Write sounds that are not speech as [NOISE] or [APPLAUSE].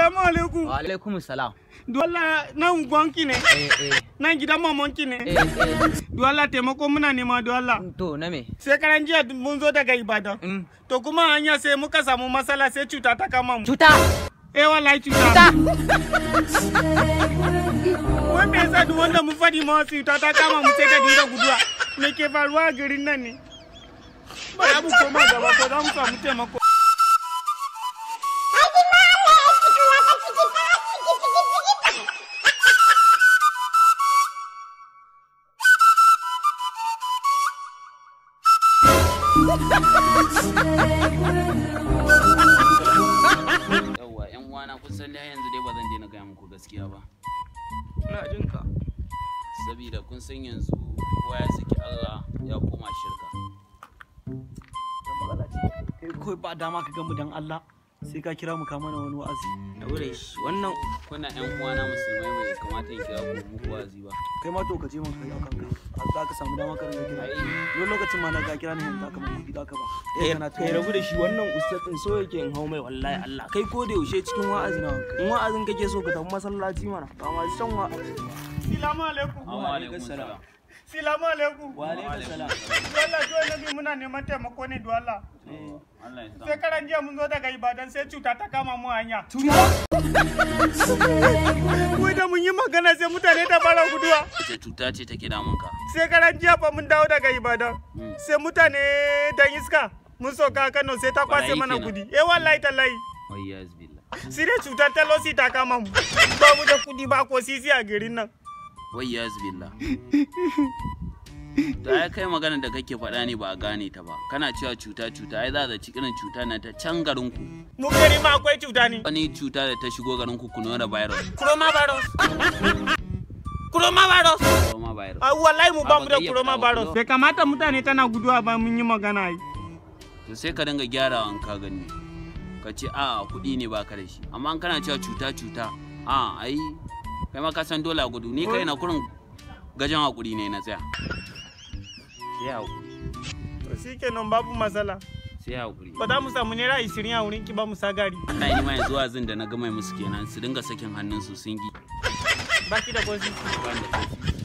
Assalamu alaikum. Wa alaikum salam. nan gwanki ne. Eh, eh. Nan gidan mamanki ne. Eh, taimako muna nema To na me? Sai karan jiya mun zo daga Ibadan. Mm. To kuma hanya sai muka samu matsala sai cuta ta kama mu. Cuta? Eh wallahi cuta. Cuta. [LAUGHS] Wai me yasa duk wanda mun ma cuta ta kama mu sai ta dinga guduwa. Me ke faruwa garin nan ne? Ba ya koma gaba ko za mu samu taimako. Yawwa yan uwana kun san dai yanzu dai ba zan je na gaya muku gaskiya ba. Ina jin ka. Sabida kun san yanzu kowa ya saki Allah ya koma shirka. Kai ba dama ka gamu dan Allah. sai ka kira mu ka mana wani wa'azi shi wannan kuna uwa uwana musulmai mai kamata ya kira mu ko wa'azi ba kai ma to ka je mun kai akan ka a za ka samu dama ka rinka kira don lokacin ma na ga kira ni yanzu aka mai gida ka ba eh kai eh, rabu da shi wannan ustad din so yake in hau mai wallahi Allah kai ko da yaushe cikin wa'azi na in wa'azin kake so ka tafi masallaci mana ba ma san wa'azi assalamu alaikum wa alaikum assalam Salamu alaikum. Wa alaikum salam. Allah to nabi muna neman taimako ne do Allah. Sai karan jiya mun zo daga Ibadan sai cuta ta kama mu hanya. Cuta? [LAUGHS] Wai da mun yi magana sai mutane ta fara guduwa. Ita cuta ce ta take mun ka. Sai karan jiya fa mun dawo daga Ibadan. Hmm. Sai mutane dan iska mun soka Kano sai ta kwase mana gudi. Eh wallahi tallahi. Wayyaz billah. Sai cutar talosi ta kama mu. Ba mu da kudi ba ko sisi a garin nan. wai ya zubilla to ai kai magana da kake faɗa ne ba a gane ta ba kana cewa cuta cuta ai za ci irin cuta na ta can garin ku mu gari ma akwai cuta ne wani cuta da ta shigo garin ku ku nuna virus kuroma virus kuroma virus kuroma virus ai wallahi mu ba mu da kuroma virus bai kamata mutane tana guduwa ba mun yi magana ai to sai ka dinga gyarawa an ka gani ka ce a kuɗi ne ba ka da shi amma an kana cewa cuta cuta a ai kai ma ka san dola gudu ni kai na kurin gajan hakuri ne na tsaya sai hakuri to shi shikenan babu matsala sai hakuri ba za mu samu naira ishirin a wurin ki ba mu sagari kai yi mai zuwa zin da na gama musu kenan su dinga sakin hannun su sun gi baki da gozi ba da gozi